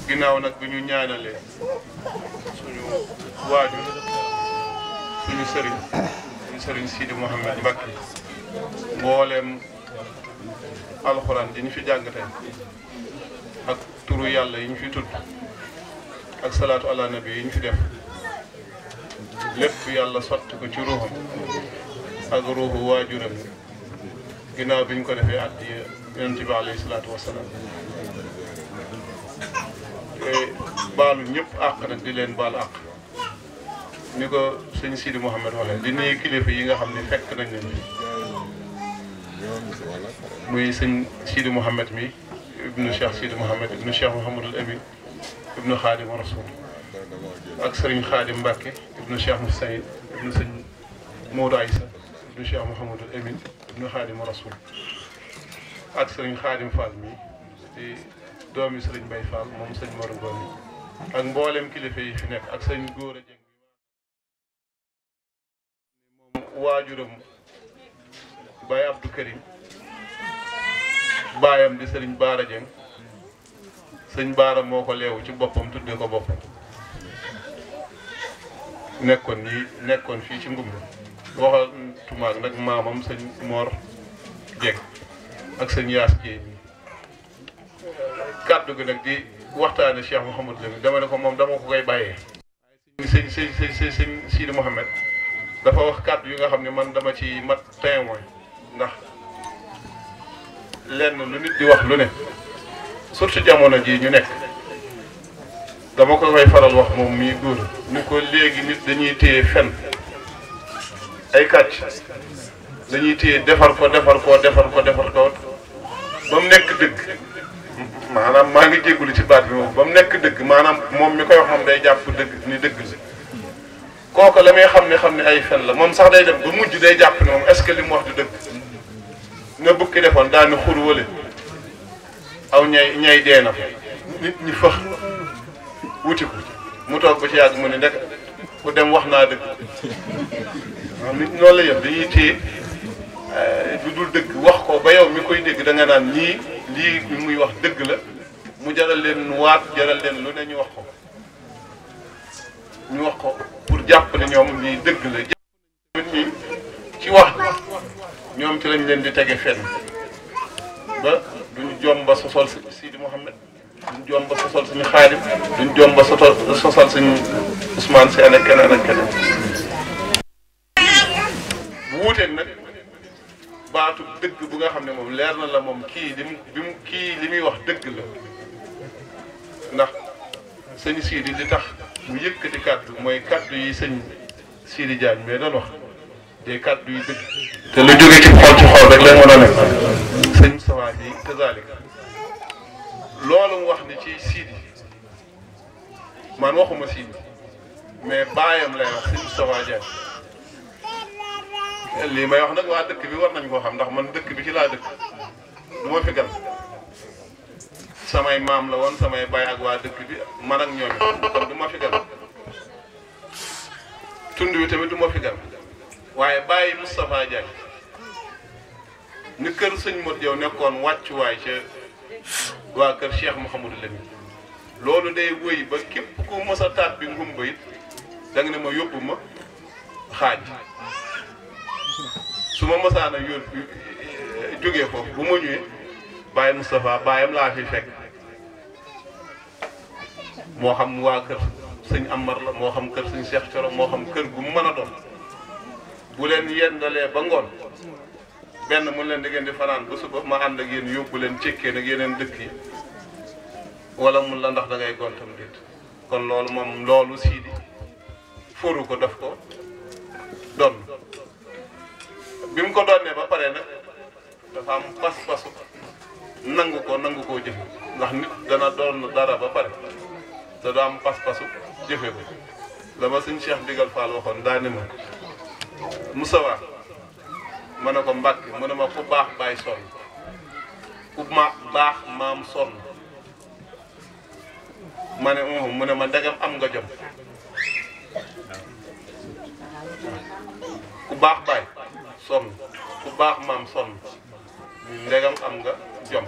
ginnaaw nag bi ñu ñaanalee suñu waajur suñu sëriñ suñu sëriñ Sidi Mouhamed Mbacke mbooleem alxuraan di ñu fi jàng tey ak turu yàlla yi ñu fi tudd ak salaatu ala nabi yi ñu fi def lépp yàlla sotti ko ci ruuxam ak ruuxu waajuram ginnaaw bi ñu ko defee addi yonent bi alayhi salaatu ñëpp di leen baal àq ni ko sëñ Sidi Mouhamed waxee di nuyu kilifa yi nga xam ne fekk nañ leen muy sëñ Sidi Mouhamed mi ibnu Cheikh Sidi Mouhamed ibnu Cheikh Mouhamadul Amin ibnu xaadim rasul ak sëriñ xaadim mbàkke ibnu cheikh mu sayid ibnu sëñ Maodo Aïssa ibnu cheikh mouhamadul amin ibnu xaadim rasul ak sëriñ xaadim fall mi di doomi sëriñ bay fall moom sëñ Mor Ngom ak mboolem kilifa yi fi nekk ak sëñ góor a jëng bi moom waajuram Baye Abdou Karim baayam di sëriñ Baara Jëng sëñ Baara moo ko leewu ci boppam tuddee ko boppam nekkoon nii nekkoon fii ci ngumb waxatumaag nag maamam sëñ Mor Dieng ak sëñ Yaas Dieng kàddu gi nag di waxtaane Cheikh Mouhamadou Lamine dama ne ko moom dama ko koy bàyyee sëñ sëñ sëñ sëñ Sidi Mouhamed dafa wax kàddu yi nga xam ne man dama ci mat témoin ndax lenn lu nit di wax lu ne surtout jamono jii ñu nekk dama ko koy faral wax moom mii góor ni ko léegi nit dañuy téye fen ay kàcc dañuy téye defar ko defar ko defar ko ba mu nekk dëgg maanaam maa ngi jégalu ci baat bi moom ba mu nekk dëgg maanaam moom mi koy wax moom day jàpp dëgg ni dëgg la kooku la muy xam ne xam ne ay fen la moom sax day dem ba mujj day jàpp ne moom est-ce que li mu wax du dëgg nga bukki defoon daani xur aw ñay ñay dee na fa nit ñi fëx wuti ko mu toog ko ci yàgg mu ni ndek ku dem wax naa dëgg waaw nit noonu la yëpp dañuy téye du eh, dul dëgg wax ko ba yow mi koy dégg danga naan ñii lii muy wax dëgg la mu jaral leen waat jaral leen lu ne ñu wax ko ñu wax ko pour jàpp ne ñoom lii dëgg la jàpp ñi ci wax ñoom ci lañ leen di tege fenn ba duñ joom ba sosol si Sidi Mouhamed duñ joom ba sosol suñu xaadim duñ joom ba sosol sosol suñu Ousmane Sène ak keneen ak keneen bu wuuteeg nag baatu dëgg bu nga xam ne moom leer na la moom kii li mu kii li muy wax dëgg la ndax sëñ Sidi li tax mu yëkkati kàddu mooy kàddu yi sëñ Sidi Diagne mais doon wax des kàddu yi dëgg te lu jóge ci xol ci xol rek la mën nekk sëñ Sawa bi wax ni ci Sidi man waxuma Sidi mais baayam lay wax sëñ Sawa Diagne lii may wax nag waa dëkk bi wax nañ koo xam ndax man dëkk bi ci laa dëkk du ma fi samay maam la woon samay baay ak waa dëkk bi man ak ñoom kon du ma tund bi tamit du ma fi gan waaye bàyyi Moustapha ni kër sëñ Modou Diaw nekkoon wàccuwaay ca waa kër Cheikh Mouhamadou Lamine loolu day wéy ba képp ku mos a taat bi ngumba it da nga ma yóbbu ma xaaj su ma mosaan a yóbbu jógee bu ma ñëwee Baye Moustapha baayam laa fi fekk moo xam waa kër sëñ Amar moo xam kër sëñ Cheikh Coro moo xam kër gu mu mën a doon bu leen yendalee ba ngoon benn mun leen da ngeen di fanaan ba suba ma ànd ak yéen yóbbu leen cekkeen ak yeneen dëkk yi wala mun la ndax da ngay gontam déet kon loolu moom loolu siidi fóoru ko def ko doon bi mu ko doonee ba pare nag dafa am pas-pasu nangu ko nangu koo jëfe ndax nit dana doon dara ba pare te du am pas-pasu jëfe ko dama suñ Cheikh Ndigal Fall waxoon daani ma Moussa ma ne ko mbàkke mu ne ma ku baax bàyyi sonn ku ma baax maam sonn ma ne mu ne ma ndegam am nga jom ku baax baay sonn ku baax maam sonn ndegam am nga jom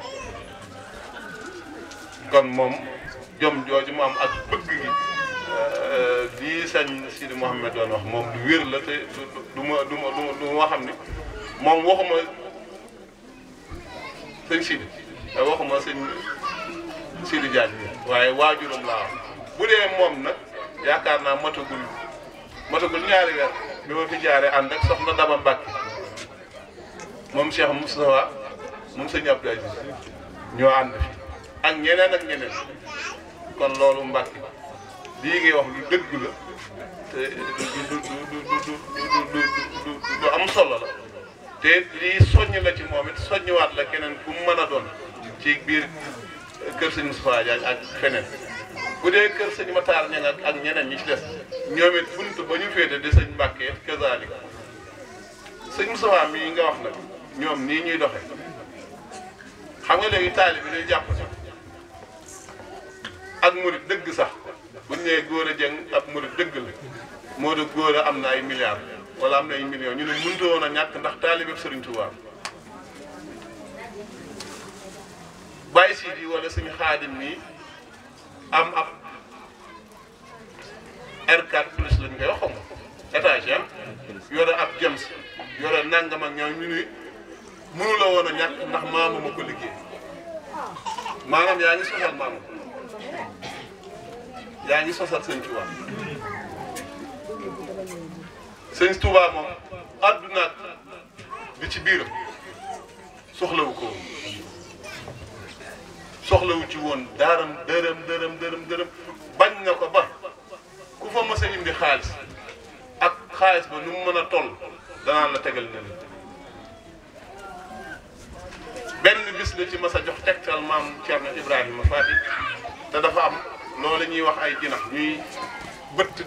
kon moom jom jooju maam ak bëgg gi euh, lii sëñ Sidi Mouhamed doon wax moom du wér la te du du ma ni moom waxuma sëñ Sidi te waxuma sëñ Sidi waaye waajuram laa wax bu dee moom nag yaakaar naa matagul matagul ñaari weer bi ma fi jaaree ànd ak soxna Daba Mbacke moom Cheikh Moustapha moom sëñ Abdou Aziz ñoo ànd fi ak ñeneen ak ñeneen kon loolu Mbacke lii ngay wax lu dëgg la te du du du du du du du du am solo la. te lii soññ la ci moom it soññiwaat la keneen ku mu mën a doon ci biir kër sëñ Moustapha Diagne ak feneen bu dee kër sëñ Matar ña ak ñeneen ñi ci des ñoom it buntu ba ñu féete di sëñ Mbàkke kazaalika sëñ Moustapha mii nga wax nag ñoom nii ñuy doxe xam nga léegi taali bi day jàpp sax ak murit dëgg sax bu ñu góor a jëng ab murit dëgg la moo di góor a am na ay milliards wala am na ay millions ñu ne mënut woon a ñàkk ndax taalibe Sëriñ Tuubaa bàyyi si bi wala suñu xaadim mi am ab R4 plus lañ koy wax étage yore ab James yore nangam ak ñoom ñu ne mënu la woon a ñàkk ndax maamu ko liggéey maanaam yaa ngi sosal maamu yaa ngi sosal Sëriñ Tuubaa sëñ Touba moom àdduna bi ci biiram soxlawu ko soxlawu ci woon daaram dërëm dërëm dërëm dërëm bañ na ko ba ku fa mës a indi xaalis ak xaalis ba nu mu mën a toll danaan la tegal ne benn bis la ci mës a jox tegtal maam Thierno Ibrahima Fatick te dafa am loolu la ñuy wax ay jinax ñuy bëtt.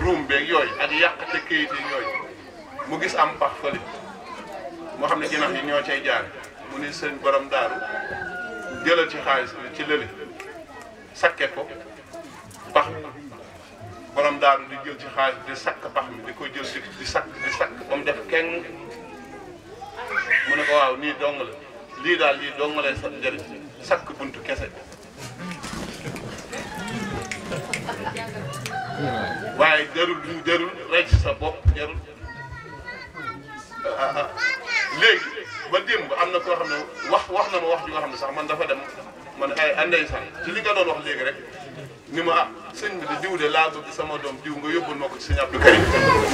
rumbeeg yooyu ak yàqate këyit yi yooyu mu gis am pax fële moo xam ne jinax yi ñoo cay jaar mu ni seen borom daaru jëlal ci xaalis ci lële sakke ko pax borom daaru di jël ci xaalis di sakk pax mi di ko jël di sakk di sakk ba def kenn mu ne ko waaw nii dong la lii daal di dong lay sa njëriñ bunt kese waaye jarul ñu jarul rey sa bopp jarul léegi ba démb am na koo xam wax wax na ma wax ju nga xam ne sax man dafa dem man ay anday sax ci li nga doon wax léegi rek ni ma ah sëñ bi de diw laa bëgg sama doom diw nga yóbbul ma ko ci sëñ Abdou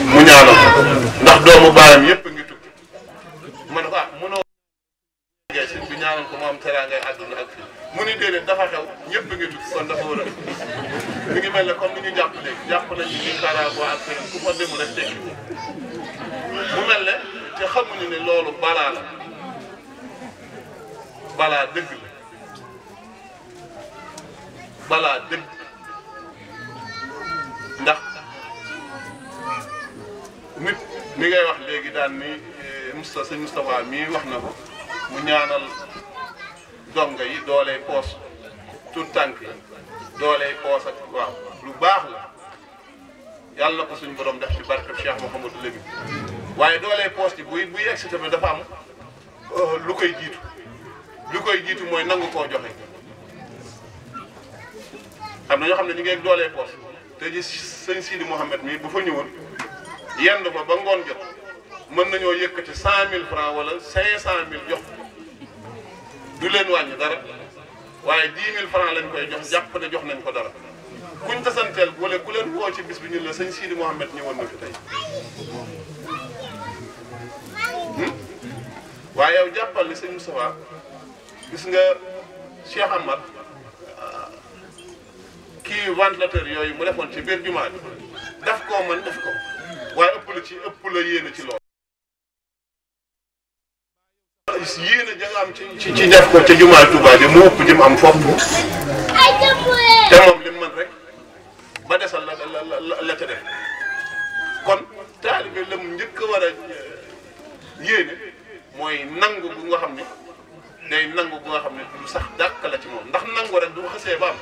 mu ñaanal ndax doomu baayam yëpp ngi tukki ma ne ko ah mënoo ngay sëñ mu ni déedéet dafa xew ñëpp ngi tukki kon dafa war a mi ngi mel ne comme ni ñu jàpp léegi jàpp nañu ni Nicaragua ak Pérou ku fa demul tekki mu mel ne te xamuñu loolu balaa la balaa nit mi ngay wax léegi daal ni eh, Moustapha sëñ Moustapha mii wax na ko mu ñaanal. donga yi dooley poos tut tànk yi dooley poos waaw lu baax la yàlla ko suñu borom def ci barkeb Cheikh Mouhamadou Lamine waaye dooley poos yi buy buy egsi tamit dafa am oh, lu koy jiitu lu koy jiitu mooy nangu koo joxe am na ñoo xam ne ñu ngi ak dooley poos te ji sëñ Sidi Mouhamed mii bu fa ñëwoon yend ba ba ngoon jot mën nañoo yëkkati cent mille francs wala cinq cent mille jox du leen wàññi dara waaye 10 000 francs lañ koy jox jàpp ne jox nañ ko dara kuñ tasanteel wala ku leen koo ci bis bi ñu la sëñ Sidi Mouhamed ñëwoon na fi tey. Hmm? waaye yow jàppal ni sëñ Moustapha gis nga Cheikh Amar ah, kii ventilateur yooyu mu nekkoon ci biir jumaa bi daf koo mën def ko waaye ëpp la ci ëpp la yéen ci lool yéen a am ci ci def ko ca jumaa Tuubaa ji mu ëpp jëm am fopp te moom li mu mën rek ba desal la la la la ca def kon taalibe la mu njëkk a war a eh, mooy nangu bu nga xam ne day nangu bu nga xam ne du sax dàkk la ci moom ndax nangu rek du xasee ba am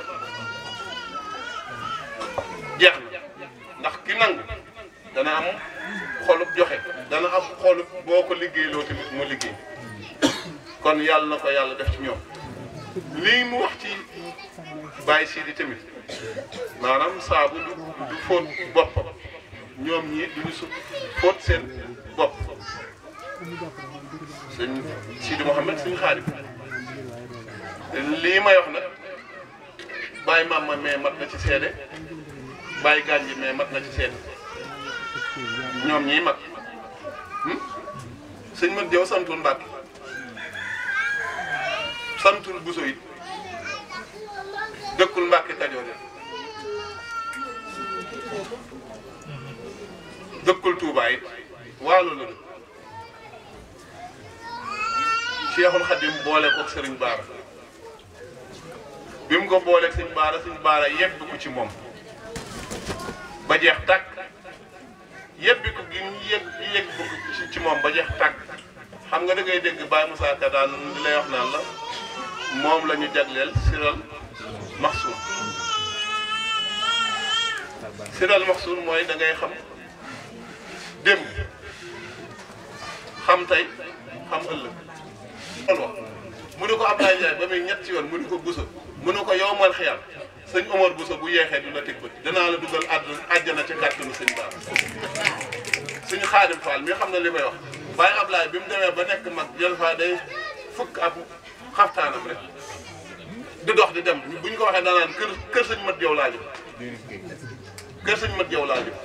jeex ndax ki nangu dana am xolub joxe dana am xolub boo ko liggéeyloo tamit mu liggéey. kon yàlla na ko yàlla def ci ñoom lii mu wax ci bàyyi sii di tamit maanaam saabu du du fóot boppam ñoom ñii du ñu su fóot seen bopp sëñ Sidi Mouhamed sëñ xaarib lii may wax nag bàyyi maam ma mais mat na ci seede bàyyi gaañ bi ma mat na ci seede ñoom ñii mag hmm? sëñ mag jëw santul Mbàkke santul Bousso it dëkkul Mbàkke Kajoor dëkkul Touba it waalo la dëkk Cheikhul Khadim boole ko sëriñ Baara bi mu ko booleeg Serigne Baara Serigne Baara yebbi ko ci moom ba jeex tàkk yebbi ko gi ñu yegg ci moom ba jeex tàkk xam nga da ngay dégg Baye Moussa Ka daan li lay wax naan la. moom la ñu jagleel siral maxsuur siral maxsuur mooy da ngay xam démb xam tey xam ëllëg loolu wax ne ko Abdoulaye Ndiaye ba muy ñetti yoon mu ne ko Bousso mu ne ko yowmal xiyam sëñ Omar Bousso bu yéexee du la teg bët danaa la dugal àdduna àjjana ca kàttanu sëñ Ba suñu xaadim Fall mi xam na li may wax waaye Abdoulaye bi mu demee ba nekk mag jël fa day fukk ab xaftaanam rek di dox di dem bu ñu ko waxee danaan kër kër sëñ mat yow laa jëm kër sëñ mat yow laa jëm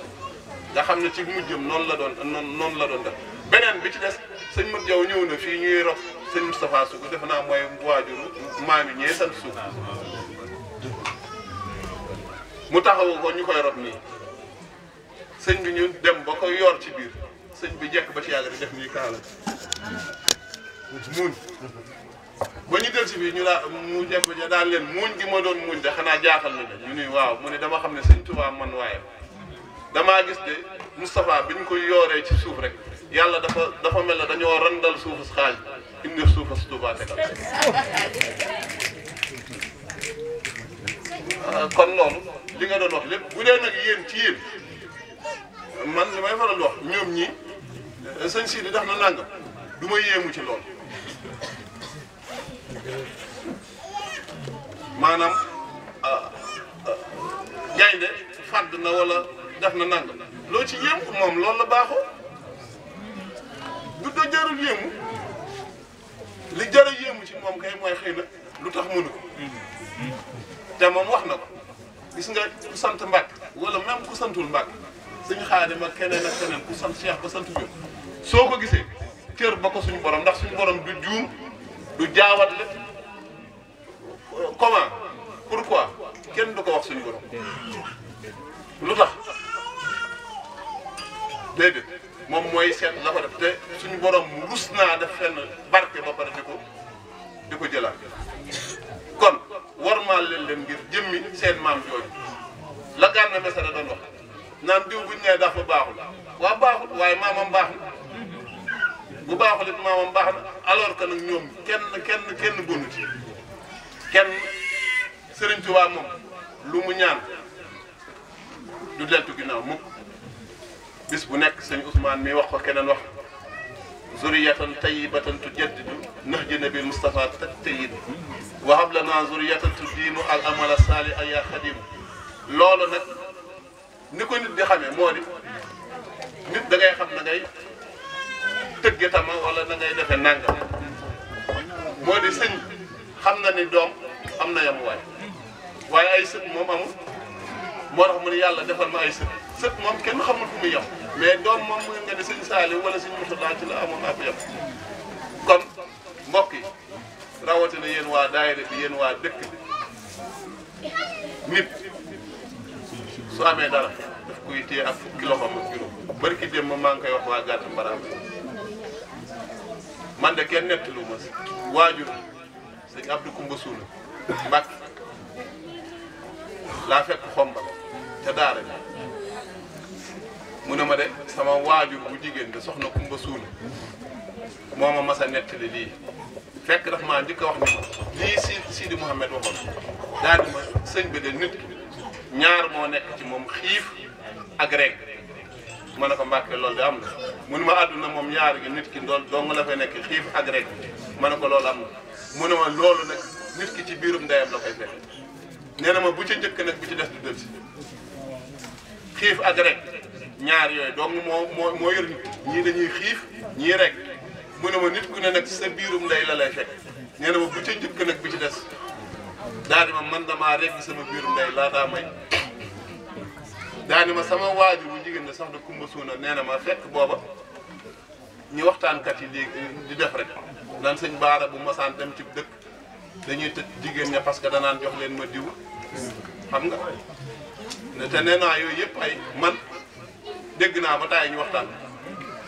nga xam ne ci mujjëm noonu la doon noonu noonu la doon def beneen bi ci des sëñ mat jaw ñëw na fii ñuy rox sëñ Moustapha Sougou defe naa mooy waajuru maam yi ñee sant Sougou mu taxawu ko ñu koy rob nii sëñ bi ñu dem ba ko yor ci biir sëñ bi jekk ba ci yàgg di def nii kaala muun ba ñu del si ñu laa mu jëm ja daan leen muuñ gi ma doon muuñ de xanaa jaaxal na de ñu ni waaw mu ne dama xam ne sëñ Tuubaa man waaye damaa gis de Moustapha bi ñu ko yooree ci suuf rek yàlla dafa dafa mel ne dañoo randal suufas xaal indi suufas Tuubaa tegal ah, kon loolu li nga doon wax lépp bu dee nag yéen ci yéen man li may faral di wax ñoom ñii sëñ Sidi def na nangam du ma yéemu ci loolu maanaam ah, ah, gaynde fàdd na wala def na nang loo ci yéemu moom loolu la baaxoo du do jarul yéemu li jar yéemu ci moom kay mooy xëy na lu tax mënu ko te moom wax na ko gis nga ku sant Mbàkke wala même ku santul Mbàkke suñu xaadima keneen ak keneen ku sant Cheikh ba sant Diop soo ko gisee cër ba ko suñu borom ndax suñu borom du juum du jaawat la comment pourquoi kenn du ko wax suñu borom lu tax déedéet moom mooy seen la ko te suñu borom rus naa def fenn barke ba pare di ko di ko jëla kon warmaal leen leen ngir jëmmi seen maam jooju la na Messere doon wax naan diw buñ nee dafa baaxul waa baaxul waaye maam maamam baax na bu baaxul it maamam baax na alors que nag ñoom kenn kenn kenn gënu ci kenn Sëriñ Tuubaa moom lu mu ñaan du deltu ginnaaw mukk bis bu nekk sëñ Ousmane mi wax ko keneen wax zuriyatan tayyibatan tujaddidu nahja nabil Mustafa tayyib wa hab lana zuriyatan tuddiinu al amala saalihan ya xadim loolu nag ni ko nit di xamee moo di nit da xam na ngay tëgge tama wala defe nangam moo di sëñ xam na ni doom am na yamuwaay waaye ay sët moom amul moo tax ne yàlla defal ma ay sët sët moom kenn xamul fu muy yem mais doom moom mu nga ne sëñ Saali wala sëñ Murtada ci la amoon naa ko yem kon mbokk rawatina yéen waa daayira bi yéen waa dëkk nit su amee dara daf koy téye ak fukki loxoom ak juróom bari ki démb maa ngi koy wax waa gàtt mbaraam man de kenn nettalu ma si waajur sëñ Abdou Koumba Mbàkke laa fekk xomba ca daara ji mu ne ma de sama waajur bu jigéen de soxna Kumba Suuna moo ma masa a nettali lii fekk daf maa njëkk wax ni lii si Sidi waxoon daal sëñ bi de nit ki ñaar moo nekk ci moom xiif ak rek ma ne ko Mbàkke loolu de am na mu ne ma moom ñaar gi nit ki ndool dong la fay nekk xiif ak rek ma ne ko loolu am na mu ne ma loolu nag nit ki ci biirum ndeyam la koy fexe nee ma bu ci njëkk nag bu ci des du dël si xiif ak rek ñaar yooyu donc moo moo moo yor ñii dañuy xiif ñii rek mu ne ma nit ku ne nag sa biirum ndey la lay fekk nee ma bu ci nag bu ci des daal ma man dama rek sama biirum ndey laa daa may daal ma sama waajur bu jigéen ne sax da kumba suuna nee ma fekk booba ñu waxtaankat yi di di def rek naan sëñ baara bu masaan dem ci dëkk dañuy tëj jigéen ña parce que danaan jox leen ma diw xam nga ne te nee naa yooyu yëpp ay man dégg naa ba taay ñu waxtaan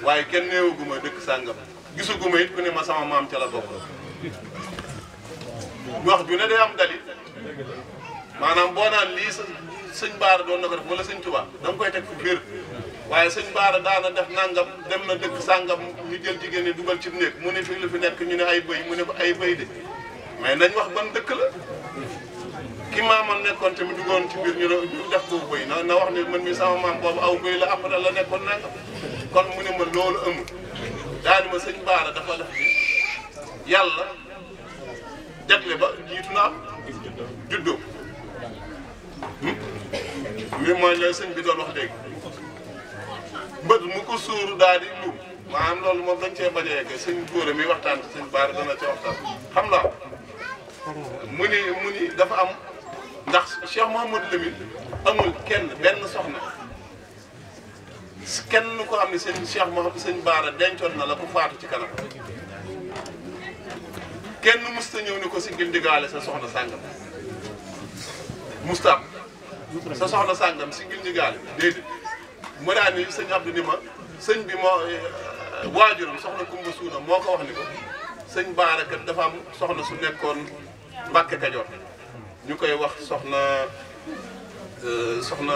waaye kenn néewaguma dëkk sàngam gisaguma it ku ne ma sama maam ca la bokk wax ju ne day am dalit maanaam boo naan lii sa Baara doon na ko def wala sëñ Tuubaa da koy teg fu biir waaye sëñ Baara daana def nàngam dem na dëkk sàngam ñu jël jigéen ñi dugal ci néeg mu ne fii la fi nekk ñu ne ay bëy mu ne ay bëy de mais nañ wax ban dëkk la ki maamam nekkoon tamit duggoon ci biir ñu ne ñu def ko bëy na na wax ne man mi sama maam boobu aw bëy la na la nekkoon nangam kon mu ne ma loolu amul daal ma sëñ Baara dafa def bi yàlla jagle na am juddoo hmm? li mooy doon wax léegi bët mu ko suuru daal di luum maanaam loolu moom dañ cee bañ a yegg sëñ mi waxtaan sëñ Baara dana ca waxtaan xam naa mu ni mu ni dafa am ndax Cheikh Mouhamadou Lamine amul kenn benn soxna kenn ko am ni sëñ Cheikh Mouhamadou sëñ Baara dencoon na la bu faatu ci kanam kenn musta ñëw ni ko si gindigaale sa soxna sàngam musta am sa soxna sàngam si gindigaale déedéet mu daan ni sëñ Abdou ni ma sëñ bi moo waajuram soxna Kumba Suuna moo ko wax ni ko sëñ Baara kat dafa am soxna su nekkoon Mbàkke Kajoor ñu koy wax soxna euh, soxna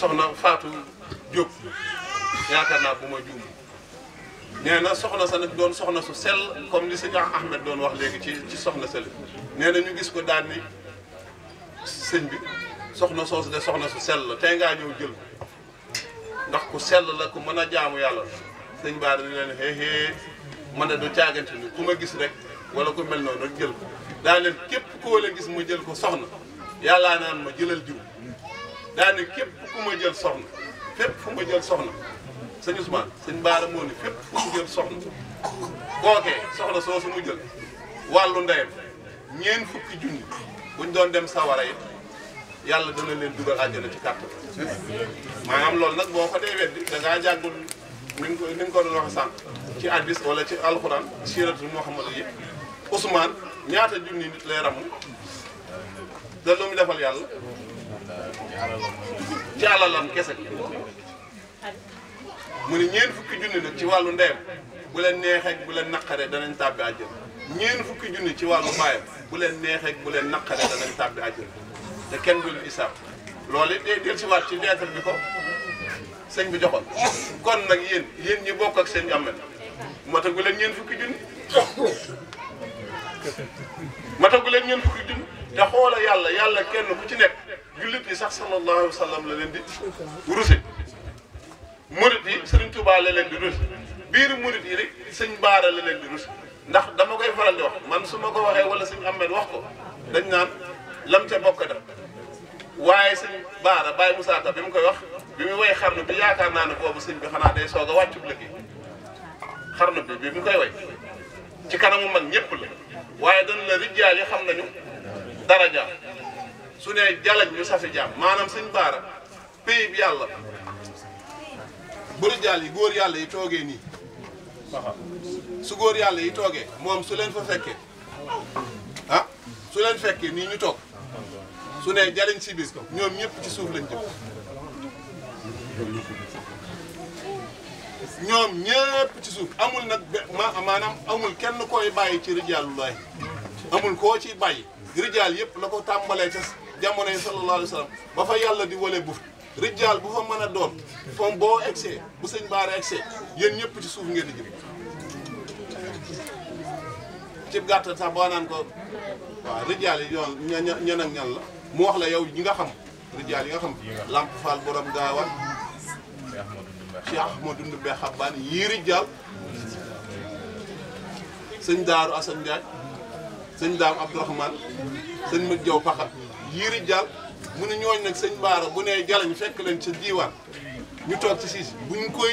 soxna faatu Diop yaakaar naa bu ma juum nee soxna sa nag doon soxna su sel comme li sëñ Ahmed doon wax léegi ci ci soxna sell nee na ñu gis ko daal ni sëñ bi soxna soos de soxna su sell la tey ngaa ñëw jël ndax ku sell la ku mën a jaamu yàlla sëñ Ba dañu leen xeexee mën a du caagante ni ku ma gis rek. wala ku mel noonu rek jël ko daa leen képp koo la gis ma jël ko soxna yàllaa naan ma jëlal jiw daa ne képp ku ma jël soxna fépp fu ma jël soxna sëñ Ousmane sëñ Baara moo ne fépp fu mu jël soxna kookee soxna soo su mu jël wàllu ndeyam ñeen fukki junni buñ doon dem sawara yi yàlla dana leen dugal àjjana ci kàtt maanaam loolu nag boo ko dee weddi da ngaa jàngul ni nga ko ni nga ko doon waxee sànq ci abis wala ci alxuraan siiratu Muhammad yi Ousmane ñaata junni nit lay ramu te lu mu defal yàlla ci alalam kese mu ne ñeent fukki junni nag ci wàllu ndeyam bu leen neexee bu leen naqaree danañ tàbbi àjjana ñeen fukki junni ci wàllu baayam bu leen neexeek bu leen naqare danañ tàbbi àjjana te kenn du leen isaab loolu it day dellusiwaat ci lettre bi ko sëñ bi joxoon kon nag yéen yéen ñi bokk ak seen jàmm matagu leen ñeent fukki junni mata matagu leen ñeent fukki junni te xoola yàlla yàlla kenn ku ci nekk jullit yi sax sallallahu alayhi wa sallam la leen di ruse murit yi sëriñ Tuubaa la leen di ruse biir murit yi rek sëñ Baara la leen di ruse ndax dama koy faral di wax man su ma ko waxee wala sëñ Ahmed wax ko dañ naan lam ca bokk def waaye sëñ Baara Baye Moussa Ka bi mu koy wax bi mu way xarnu bi yaakaar naa ne boobu sëñ bi xanaa day soo a wàccu lëkk xarnu bi bi mu koy way ci kanamu man ñëpp la waaye dañ la rijaal yi xam nañu daraja su nee jalaj ñu safi jaam maanaam suñ baara pays yàlla bu rijaal yi góor yàlla yi toogee nii su góor yàlla yi toogee moom su leen fa fekkee ah su leen fekkee nii ñu toog su nee jariñ si bis ko ñoom ñëpp ci suuf lañ jëm ñoom ñépp ci suuf amul nag ma maanaam amul kenn koy bàyyi ci rijaalullahi amul koo ci bàyyi rijaal yëpp la ko tàmbalee ca jamono yi sallallahu alayhi wa sallam ba fa yàlla di wale buf rijaal bu fa mën a doon foom boo egsee bu sëñ baara egsee yéen ñëpp ci suuf ngeen di jëm ci gàttal sax boo naan ko rijaal yi yoon ña ñan ak ñan la mu wax la yow ñi nga xam rijaal yi nga xam lamp faal borom gaawaan Cheikh Ahmadou Ndoumbé Xabbaan Yiri Diaw sëñ Daaru Assane Ndiaye sëñ Daam Abdourahmane sëñ Mat Diaw Paxa Yiri Diaw mu ne ñooñ nag sëñ Baara ne nee ñu fekk lañ ca diiwaan ñu toog ci siis bu ñu koy.